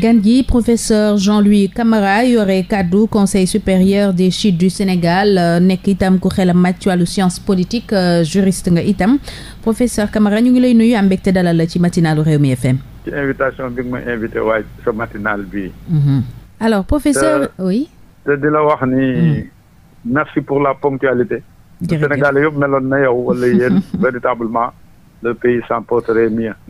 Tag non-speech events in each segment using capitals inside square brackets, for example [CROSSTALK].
gan gi professeur Jean-Louis Camara yore kàddu conseil supérieur des chiites du Sénégal euh, nekk itam ku xelam màcc ci wàllu science politique euh, juriste nga itam professeur Camara ñu ngi lay nuyu am mbégte dalal la ci matinalu Rewmi FM. ci invitation bi nga ma invité waaye sa matinal bi mhm. alors professeur euh, oui. te di la wax hmm. pour la ponctualité. Sénégal yëpp yo na yow wala yéen [LAUGHS] véritablement. le pays s'en porterait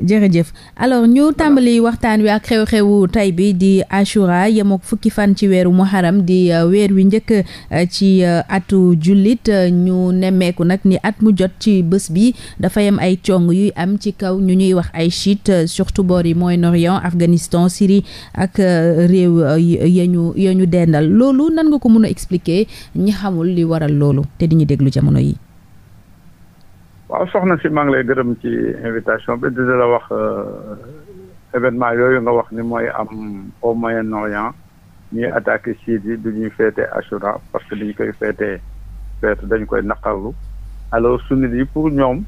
jërëjëf alors ñu tàmbali waxtaan wi ak xew-xewu tay bi di Ashura yem fukki fan ci weeru muharam di euh, weer wi njëkk euh, ci euh, atu jullit ñu nemmeeku nag ni at mu jot ci bës bi dafa yem ay cong yuy am ci kaw ñu ñuy wax ay chiite surtout boor yi Moyen-Orient Afghanistan Syrie ak réew ya ñu ya dendal loolu nan nga ko mën a expliquer ñi xamul li waral loolu te di ñu déglu jamono yi. waaw soxna si maa ngi lay gërëm ci invitation bi dina la wax euh, événement yooyu nga wax ni mooy am au Moyen-Orient ñuy attaqué siit yi du ñuy féete Ashura parce que dañu koy féete feetu dañu koy naqarlu alors sunnit yi pour ñoom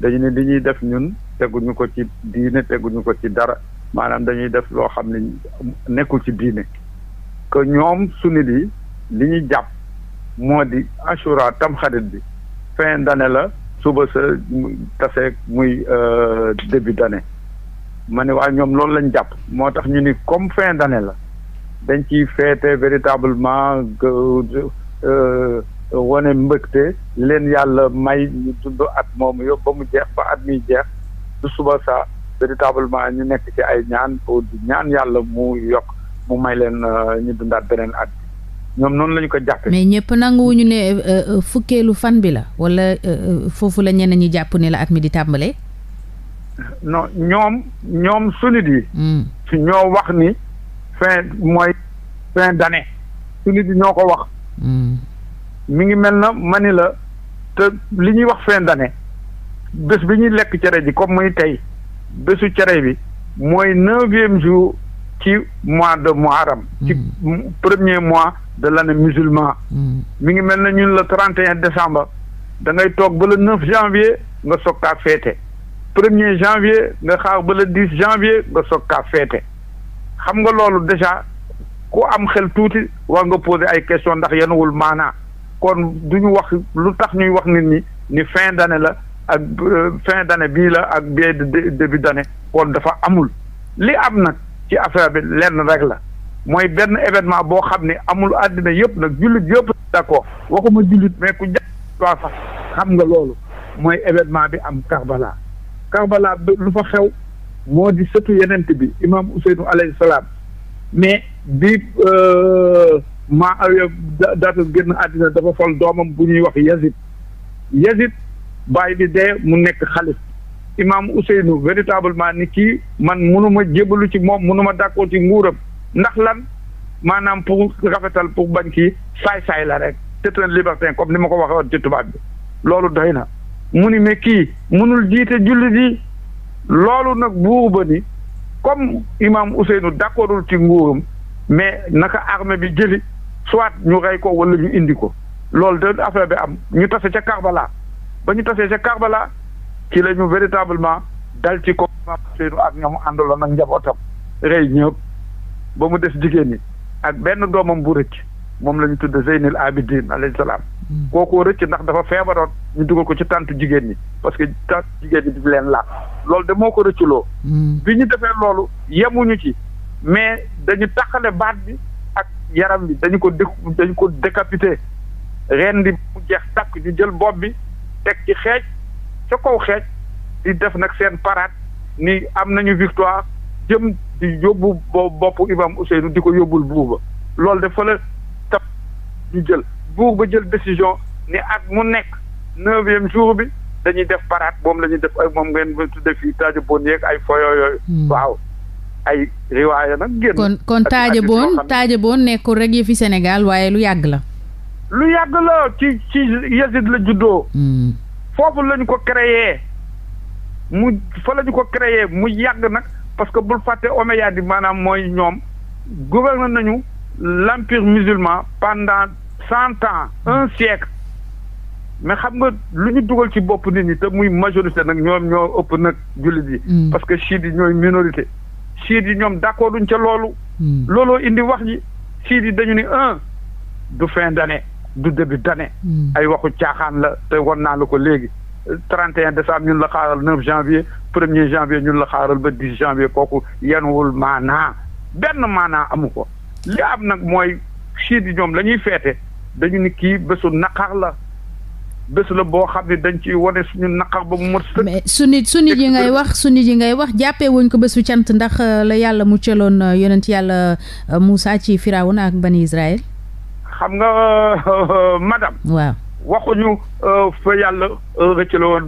dañu ne li ñuy def ñun teguñu ko ci diine teguñu ko ci dara maanaam dañuy def loo xam ne nekkul ci diine que ñoom sunnit yi li ñu jàpp moo di Ashura tamxarit bi fin d'année la suba sa taseeg muy euh, début d' année ma ne waa ñoom loolu lañ jàpp moo tax ñu ni comme fin d' année la dañ ciy feete véritablement euh, wane mbëgte leen yàlla may ñu dund at moom yëpp ba mu jeex ba at muy jeex du suba sa véritablement ñu nekk ci ay ñaan ñaan yàlla mu yokk mu may leen euh, ñu dundaat beneen at ñoom noonu lañu ko jàppee. mais ñëpp ñu ne euh, euh, fukkeelu fan bi la wala euh, foofu la ñenn ñi jàpp ni la at mi di tàmbalee. non ñoom ñoom sunit yi. Hmm. ñoo wax ni fin mooy fin d'année. sunit yi ñoo ko wax. mu hmm. ngi mel na ma ni la te li ñuy wax fin d'année bés bi ñuy lekk cere ji comme muy tey bésu cere bi mooy neuvième jour ci mois de muharram ci hmm. premier mois de l'année musulman hmm. mi ngi mel na ñun le trente et un décembre da toog ba le neuf janvier nga soog kaa féete premier janvier nga xaar ba le dix janvier nga soog ka féete xam nga loolu déjà ko am xel tuuti war nga poser ay question ndax yenuwul maanaa kon du ñu wax lu tax ñuy wax nit ñi ni fin d'année la ak euh, fin d'année bii la ak bee début d'année kon dafa amul li am nag ci affaire bi lenn rek la mooy benn événement boo xam ne amul àddina yëpp nag jullit yëpp d'accord waxuma jullit mais ku jàpp sax xam nga loolu mooy événement bi am Karbala Karbala lu fa xew moo di sëtu yenent bi imaam Ousseynou alayhi salaam mais bi euh, maa awee daata génn àddina dafa fal doomam bu ñuy wax Yazid Yazid bàyyi bi dee mu nekk xalif imaam Ousseynou véritablement ni kii man munuma jébalu ci moom munuma d'accord ci nguuram ndax lan maanaam pour rafetal pour bañ kii saay-saay la rek c'est un libertin comme ni ma ko waxee woon ci tubaab bi loolu doy na mu ni mais kii munul jiite jullit yi loolu nag buur ba ni comme imaam Ousseynou d'accordul ci nguuram mais naka armée bi jëli soit ñu rey ko walla ñu indi ko loolu de affaire bi am ñu tase ca Karbala ba ñu tasee ca Karbala ci la ñu véritablement dal ci ko Seynu ak ñoom àndaloon ak njabootam rey ñëpp ba mu des jigéen ñi ak benn doomam bu rëcc moom la ñu tudd Zeynil Abidin alayhi salaam hmm. kooku rëcc ndax dafa feebaroon ñu dugal ko ci tàntu jigéen ñi parce que tàntu jigéen ñi di leen laal loolu de moo ko rëcculoo hmm. bi ñu defee loolu yemuñu ci mais dañu taxale baat bi ak yaram bi dañu ko dé dañu ko décapité ren di mu jeex takk ñu jël bopp bi teg ci xeej ca kaw xeej di def nag seen parade ni am nañu victoire jëm di yóbbu bopp Imam Ousseynou di ko yóbbul buuba loolu dafa la tap ñu jël buuba jël décision ni at mu nekk neuvième jour bi dañuy def paraat moom la ñuy def ay moom ngeen ba tudde fii taaja boon yeeg ay foyo yooyu hmm. waaw ay riwaaya nag génn kon kon taaja boon taaja boon nekkul rek yëfi Sénégal waaye lu yàgg la lu yàgg la ci ci Yazid la juddoo hmm. foofu lañu ko créer mu fa lañu ko créer mu yàgg nag parce que bul fàtte omeya di maanaam mooy ñoom gouverné nañu l'empire musulman pendant cent ans un siècle mais xam nga lu ñu dugal ci bopp nit ñi te muy majorité nag ñoom ñoo ëpp nag jullit yi mm. parce que chiites yi ñooy minorité chiites yi ñoom d'accord duñ ca loolu mm. looloo indi wax ji chiites yi dañu ni un du fin d'année du début d'année. Hmm. ay waxu caaxaan la te won naa la ko léegi. 31 décembre ñun la xaaral 9 janvier 1er janvier ñun la xaaral ba 10 janvier kooku yenuwul maanaa benn maanaa amu ko li am nag mooy chiit yi ñoom la feete dañu ni kii bésu naqar la bés la boo xam ne dañ ci wane suñu naqar ba mu mot sëkk. mais su nit yi ngay wax sunni yi ngay wax jàppee wuñ ko bésu cant ndax euh, la yàlla mu cëloon euh, yonent yàlla euh, Moussa ci Firawuna ak bani Israël. xam nga euh, madame. waaw waxuñu euh, fa yàlla euh, rëcc la woon.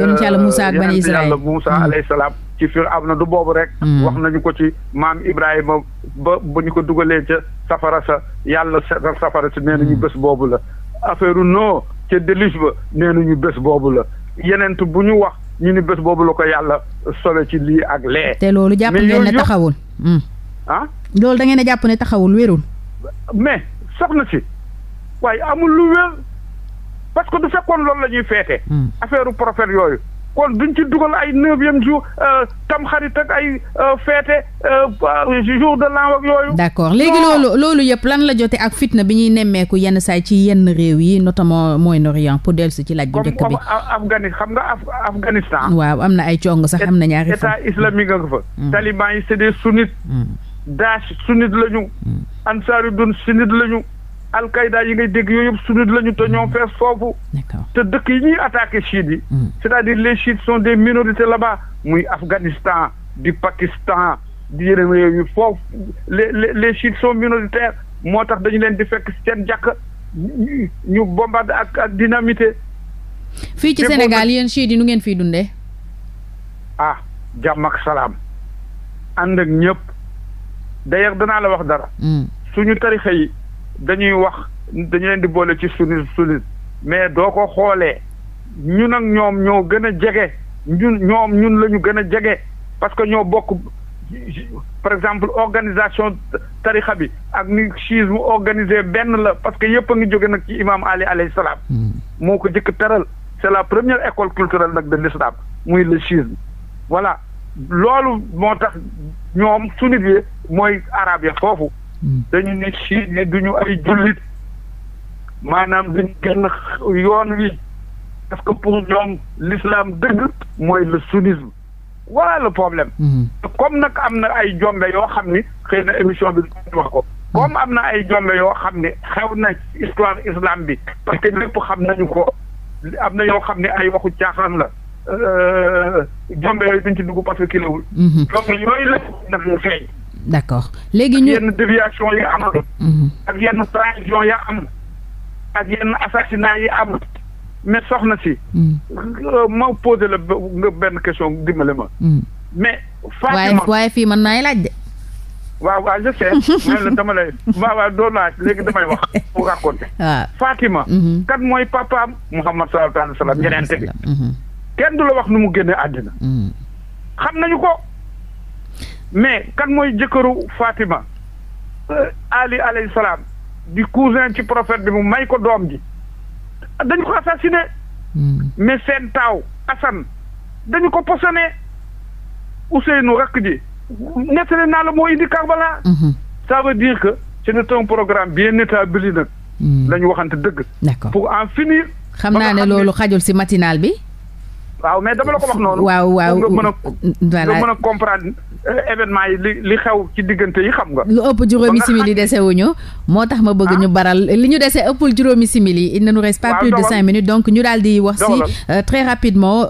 yonent yàlla Moussa ak bani Israël yàlla Moussa mm. alayhi salaam ci Firawna du boobu rek. Mm. wax nañu ko ci maam Ibrahima ba ba ñu ko dugalee ca safara sa yàlla setal safara si nee nañu mm. bés boobu la. affaire noo ca déluge ba nee nañu bés boobu la yeneent bu ñu wax ñu ni bés boobu la ko yàlla solo ci lii ak lee. te loolu jàpp ngeen ne taxawul. ah. loolu da ngeen jàpp ne taxawul wérul. mais soxna si waaye amul lu wér parce que du fekkoon loolu la ñuy feete. Hmm. affaire prophète yooyu. kon duñ ci dugal ay neuvième jour euh, tam xarit ak ay euh, feete euh, jour de l'an ak yooyu. d'accord léegi loolu loolu yëpp lan la jote ak fitna bi ñuy nemmeeku yenn saay ci yenn réew yi notamment Moyen-Orient pour dellusi ci laaj bu njëkk bi. Afghani xam nga Afghanistan. waaw am na ay cong sax am na ñaari. état islamique nga fa. Hmm. taliban yi c'est des sunnites. Hmm. Daesh sunnite la ñu. Hmm. Ansaaru Dun sunnite la ñu. alqaida yi ngay dégg yooyu yëpp sunnite lañu ñu te ñoom fees foofu. te dëkk yi ñuy attaqué chiites yi. Hmm. c'est-à-dire les chiites sont des minorités là-bas muy Afghanistan di Pakistan di yeneen réew yi foofu les les les chiites sont moo tax dañu leen di fekk seen jàkk ñu bombardé ak ak dynamité. fii ci Sénégal yéen chiites yi nu ngeen fii dundee. ah jàmm ak salaam ànd ak ñëpp. d'ailleurs danaa la wax dara. Hmm. suñu tarixa yi dañuy wax dañu leen di boole ci sunni sunni mais doo ko xoolee ñun ak ñoom ñoo gën a jege ñun ñoom ñun la ñu gën a jege parce que ñoo bokk par exemple organisation tarixa bi ak ni chiisme organisé benn la parce que yëpp a ngi jóge nag ci imam Ali alayhi salaam. Hmm. moo ko jëkk teral c'est la première école culturelle nag de l'islam muy le chiisme voilà. loolu moo tax ñoom suñu bi mooy arab ya foofu mm. dañu ne ci ne duñu ay jullit maanaam duñu gën yoon wi parce que pour ñoom l'islam dëgg mooy le sunnisme voilà le problème mm. comme nag am na ay jombe yoo xam ni xëy na émission bi ko mm. am na ay jombe yoo xam ne xew na histoire islam bi parce que lépp xam nañu ko am na yoo xam ne ay waxu caaxaan la jombe euh, yooyu duñ ci dugg parce que kiloowul. Mhm. donc yooyu la daf ñu feeñ. d' accord léegi ñu yenn déviation yi am mhm. ak yenn trahison yi am ak yenn assassinat yi am mais soxna si. Mhm. Euh, ma posé la benn question dimbale ma. mais. Fatima waaye fi man naa naay laaj de. waaw waaw je sais. [LAUGHS] mais nag dama lay waaw waaw léegi damay wax pour raconter. [LAUGHS] waaw Fatima. kat mooy papaam Mouhamad sallallahu alayhi wa sallam ñeneen bi. kenn du la wax nu mu génne àddina hmm. xam nañu ko mais kan mooy jëkkëru Fatima euh, Ali alayhi salaam di cousin ci prophète bi mu may ko doom ji dañu ko assassiné hmm. mais seen taaw Assane dañu ko posone Ousseynou rakk ji nettali naa la moo indi Karbala hmm. ça veut dire que c'est un programme bien établi nag dañu waxante dëgg pour en finir xam naa ne loolu xajul si matinal bi waaw mais la ko wax waaw waaw nga a. Euh, voilà nga mën a comprendre euh, événement yi li li xew ci diggante yi xam nga. lu ëpp juróomi simili dese moo tax ma bëgg ñu ah. baral li ñu dese ëpp juróomi simili il ne nous reste pas plus de cinq minutes donc ñu daal di wax si euh, très rapidement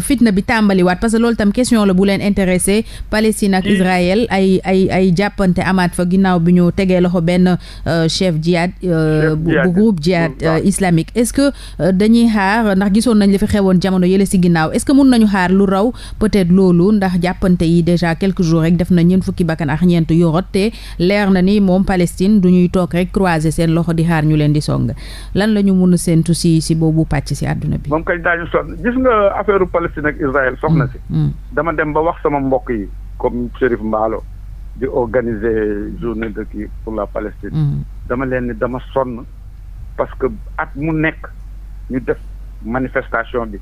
fitna bi tàmbaliwaat parce que loolu tam question la bu leen intéressé Palestine ak Israël ay ay ay jàppante amaat fa ginnaaw bi ñu tegee loxo benn chef jihad bu groupe jihad islamique est-ce que dañuy xaar ndax gisoon nañ li fi xewoon jamono yële si ginnaaw est-ce que mun nañu xaar lu raw peut-être loolu ndax jàppante yi déjà quelques jours rek def na ñeent fukki bakkan ak ñeent yu te leer na ni moom Palestine du ñuy toog rek croiser seen loxo di xaar ñu leen di song lan la ñu mun a séentu si si boobu pàcc si àdduna bi. moom kañ daañu sonn gis nga affaire Palestine ak Israël soxna mm, si. Mm. dama dem ba wax sama mbokk yi comme Chérif Mbaalo di organiser journée de kii pour la Palestine. Mm. dama leen ni dama sonn parce que at mu nekk ñu def manifestation bi.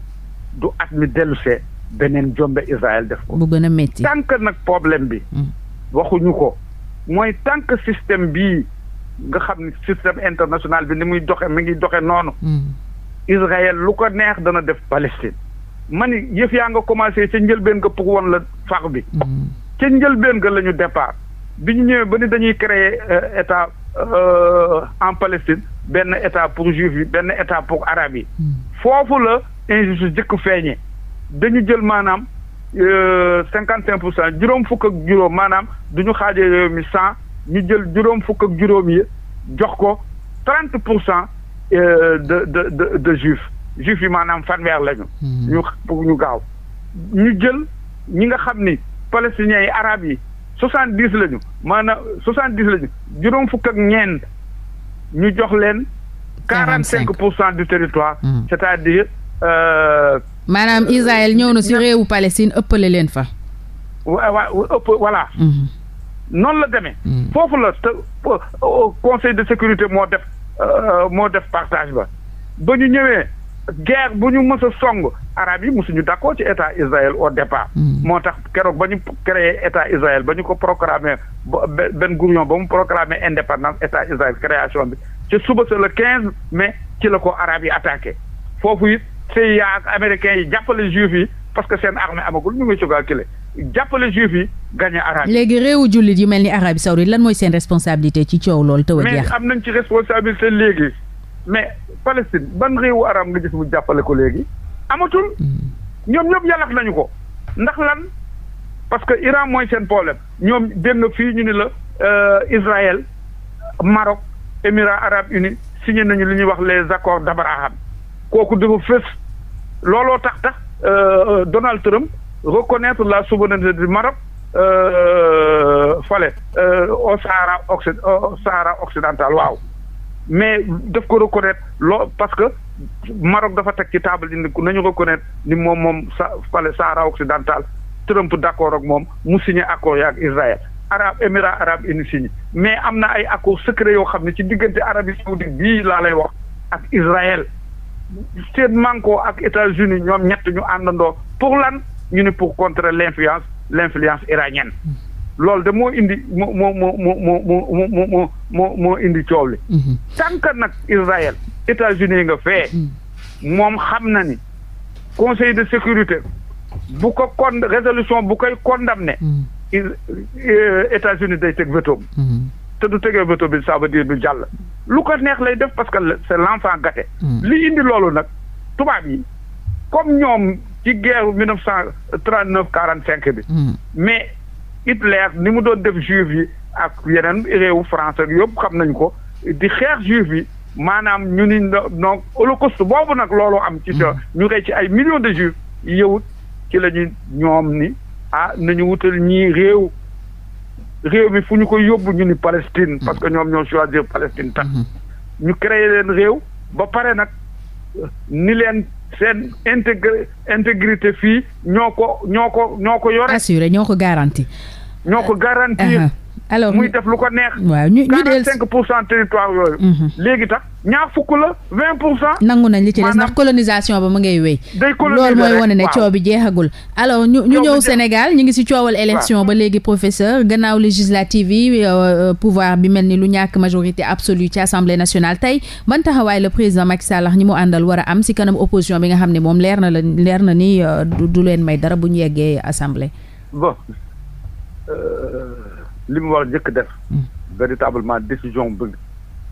du at mi dellusee beneen jombe Israël def ko. bu gën a métti tant nag problème bi. Mm. waxuñu ko mooy tant que système bii nga xam ne système international bi ni muy doxe mi ngi doxe noonu. Mm. Israël lu ko neex dana def Palestine. ma ni yëf yaa nga commencé ca njëlbeen nga pour won la fax bi. Mm. ca njëlbeen nga la ñu départ. bi ñu ñëwee ba ni dañuy créer euh, état euh, en Palestine benn état pour juif yi benn état pour arab yi. foofu la. injustice jëkk feeñe dañu jël maanaam euh, cinquante et un pour cent juróom fukk ak juróom maanaam du ñu xaaje réew mi cent ñu jël juróom fukk ak juróom yi jox ko trente pour cent euh, de de de de juifs juifs yi maanaam fanweer lañu. Hmm. ñu pour ñu gaaw ñu jël ñi nga xam ni palestiniens yi arab yi soixante dix lañu maanaam soixante dix lañu juróom fukk ak ñeen ñu jox leen. quarante cinq pour cent du territoire. Hmm. Euh, maanaam Israël ñëw na si réewu Palestine ëppale leen fa. wa ëpp voilà. Mhm. noonu la demee. Mhm. foofu la te conseil de sécurité moo def euh, euh, moo def partage ba ba ñu ñëwee guerre bu ñu mës song arab yi mu mosuñu d'accord ci état Israël au départ. Mhm. moo tax keroog ba ñu créé état Israël ba ñu ko proclamé ba Ben ba mu proclamé indépendance état Israël création bi ci suba sa le quinze ci la ko arab yi attaqué foofu it. CIA ak américains yi jàppale juif yi parce que seen armée amagul ñu ngi ci calculé jàppale juif yi gagné arabe léegi réewu jullit yu mel ni Arabie Saoudite lan mooy seen responsabilité ci coow loolu taw a jeex mais am nañ ci responsabilité léegi mais Palestine ban réewu arab nga gis mu jàppale ko léegi amatul hmm. ñoom ñëpp yàllax nañu ko ndax lan parce que Iran mooy seen problème ñoom dégg nga fii ñu ni la euh, Israël Maroc Émirats arabes unis signé nañu li ñuy wax les accords d'Abraham kooku dafa looloo tax tax euh, Donald Trump reconnaître la souveraineté du Maroc euh, fale euh, au Sahara occ au Sahara occidental waaw mais daf ko reconnaître loo parce que Maroc dafa teg ci table yi nañu reconnaître ni moom moom sa fale Sahara occidental Trump d'accord ak moom mu signé accord ya ak Israël arab émirats arabes unis signé mais am na ay accords secrets yoo xam ne ci diggante Arabie saoudite bii laa lay wax ak Israël seen manko ak États-Unis ñoom ñett ñu àndandoo pour lan ñu ni pour contrer l'influence l'influence iranienne loolu de indi moo moo moo moo moo moo moo indi coow li tant que nag Israël États-Unis nga fee moom xam na ni conseil de sécurité bu ko con résolution bu koy condamné États-Unis day teg vétoom te du tegee veto bi saa ba dire du jàll lu ko neex lay def parce que c'est l'enfant gâté hmm. li indi loolu nag tubaab yi comme ñoom ci guerre mille neuf cent trente neuf quarante cinq bi hmm. mais Hitler ni mu doon def juif yi ak yeneen réewu France yëpp xam nañ ko di xeex juif yi maanaam ñu ni donc holocauste boobu nag loolu am ci sa hmm. ñu rey ci ay millions de juifs yëwut ci la ñu ñoom ni ah nañu wutal ñii réew réew mi fu ñu ko yóbbu ñu ni Palestine parce que ñoom ñoo choisir Palestine tax mhm. ñu créer leen réew ba pare nag ni leen seen intégré intégrité fii ñoo ko ñoo ko ñoo ko yore assuré ñoo ko garanti ñoo ko garantir uh-huh. alors lu ko neex. ñu ñu del 45 pour cent territoire yooyu. Mhm. léegi tax ñaar fukk la nangu nañ li ci des ndax colonisation ba mu ngay wéy. day mooy wone ne coow bi jeexagul. alors ñu ñu ñëw Sénégal ñu ngi ci coowal élection ba léegi professeur gannaaw législative yi euh, euh, pouvoir bi mel ni lu ñàkk majorité absolue ci assemblée nationale tey ban taxawaay le président Macky Sall ñi mu àndal war a am ci kanam opposition bi nga xam ne moom leer na la leer na ni euh, du leen may dara bu ñu yeggee assemblée. li mu war njëkk def. Mm. véritablement décision bëgg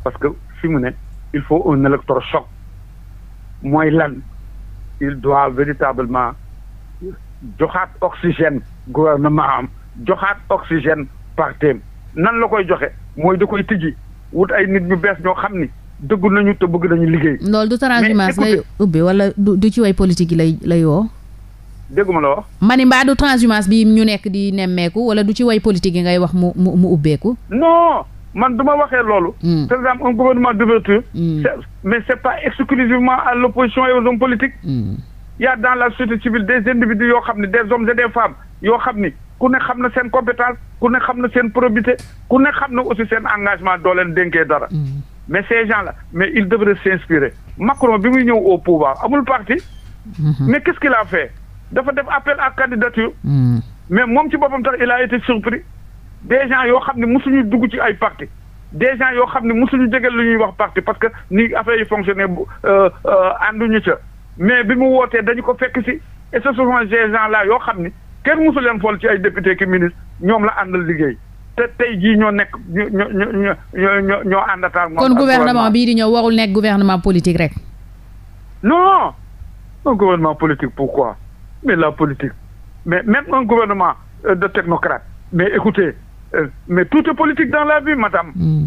parce que fi mu ne il faut un électrochoc mooy lan il doit véritablement joxaat oxygène gouvernement am joxaat oxygène partem nan la koy joxe mooy da koy tijji wut ay nit ñu bees ñoo xam ni dëgg nañu te bëgg nañu liggéey. loolu du transhumance lay ubbi wala du ci way politique lay lay woo. dégguma la wax. ma i mbaa du transhumance bi ñu nekk di nemmeeku wala du ci way politique yi ngay wax mu mu mu ubbeeku. non man du ma waxee loolu. Hmm. par exemple un gouvernement d'ouverture. Mm. c'est mais c'est pas exclusivement à l'opposition et aux hommes politiques. Mm. y a dans la société civile des individus yoo xam ne des hommes et des femmes yoo xam ni ku ne xam na seen compétence ku ne xam na seen probité ku ne xam na aussi seen engagement doo leen dénkee dara. Hmm. mais ces gens-là mais ils devraient s'inspirer. Macron bi muy ñëw au pouvoir amul parti. Hmm. mais quest dafa def appel à candidature. Hmm. mais moom ci boppam tax il a été surpris des gens yoo xam ne mosuñu dugg ci ay parti des gens yoo xam ne mosuñu jege lu ñuy wax parti parce que ni affaire yi fonctionné bu euh, euh, ànduñu ca mais bi mu wootee dañu ko fekk si et ce sont ces gens là yoo xam ni kenn mosu leen fool ci ay député ki ministre ñoom la àndal liggéey. te tey jii ñoo nekk ñoo ñoo ñoo ñoo àndataal. moom kon gouvernement bii di ñëw warul nekk gouvernement politique rek. non non gouvernement mais la politique mais même un gouvernement euh, de technocrates mais écoutez euh, mais tout est politique dans la vie madame. Mm.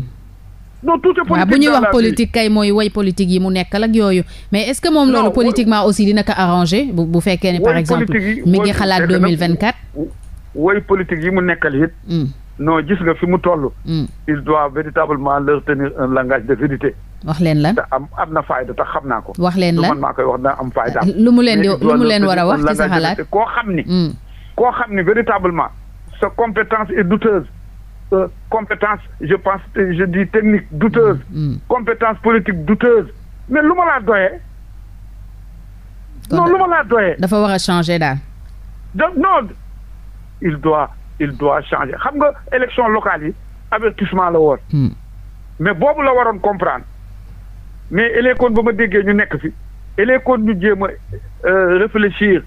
bu ñuy wax politique kay mooy way politique yi mu nekkal ak yooyu. mais est-ce que moom loolu politiquement aussi dina ko arrangé bu bu fekkee ne par exemple mi ngi xalaat deux mille vingt quatre. way yi mu nekkal it. Hmm. non gis nga fi mu toll. Hmm. ils doivent véritablement leur tenir un langage de vérité. wax leen lan te am am na fayda te xam naa ko. wax leen lan man maa koy wax dina am fayda. lu mu leen di lu mu leen war a wax ci sa xalaat koo xam ni. Mm. koo xam ni véritablement sa compétence est douteuse. Euh, compétence je pense je dis technique douteuse. Mm, mm. compétence politique douteuse. mais lu ma laa doyee. non lu ma laa doyee. dafa war a changer daal. donc non il doit il doit changer xam nga élection locale yi avertissement la woon. Mm. mais boobu la waroon comprendre. mais élekoon ba ma déggee ñu nekk fi élekoon ñu jéem a euh, réfléchir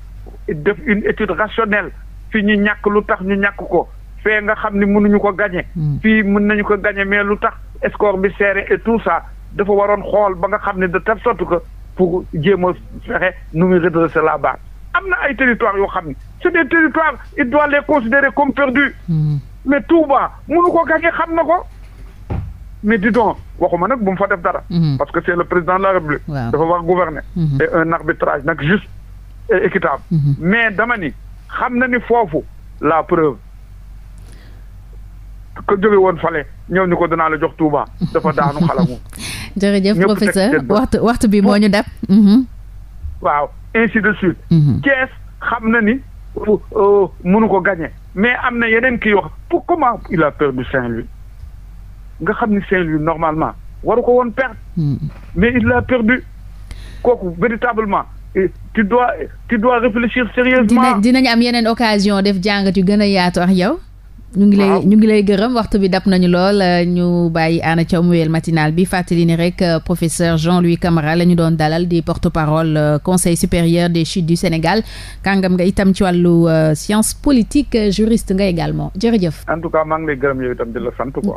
def une étude rationnelle fi ñu ñàkk lu tax ñu ñàkk ko fee nga xam ni mënuñu ko gañe hmm. fii mën nañu ko gañe mais lu tax score bi serré et tout ça dafa waroon xool ba nga xam ne de telle sorte que pour jéem a fexe nu muy redresser la barre am na ay territoire yoo xam ne c'est des territoires il doit les considérer comme perdus hmm. mais tout Touba mënu ko gañe xam na ko mais dis donc waxuma nag bu mu fa def dara. Mhm. parce que c' est le président de la république. dafa war gouverner. Mhm. et un arbitrage nag juste et mhm. mais dama ni xam na ni foofu la preuve ko jóge woon fale ñëw ñu ko danaa la jox Touba dafa daanu xalamu. [LAUGHS] jërëjëf professeur waxtu waxtu bi moo ñu dab. waaw ainsi de suite. Thiès xam na ni euh, euh, mënu ko gagné mais am na yeneen kii wax pour comment il a perdu Saint-Louis. nga xam ni Saint-Louis normalement waru ko woon perdre. Hmm. mais il l'a perdu. kooku véritablement eh, tu dois tu dois réfléchir sérieusement dinañ am yeneen occasion def jàngat yu gën a yaat ak yow. ñu ngi lay ñu ngi lay gërëm waxtu bi dab nañu lool euh, ñu bàyyi Anna Thiaw mu wéyal matinal bi fàttali ni rek euh, professeur Jean-Louis Camara la ñu doon dalal di porte-parole euh, conseil supérieur de chutes du Sénégal kàngam nga itam ci wàllu science politique juriste nga également jërëjëf. en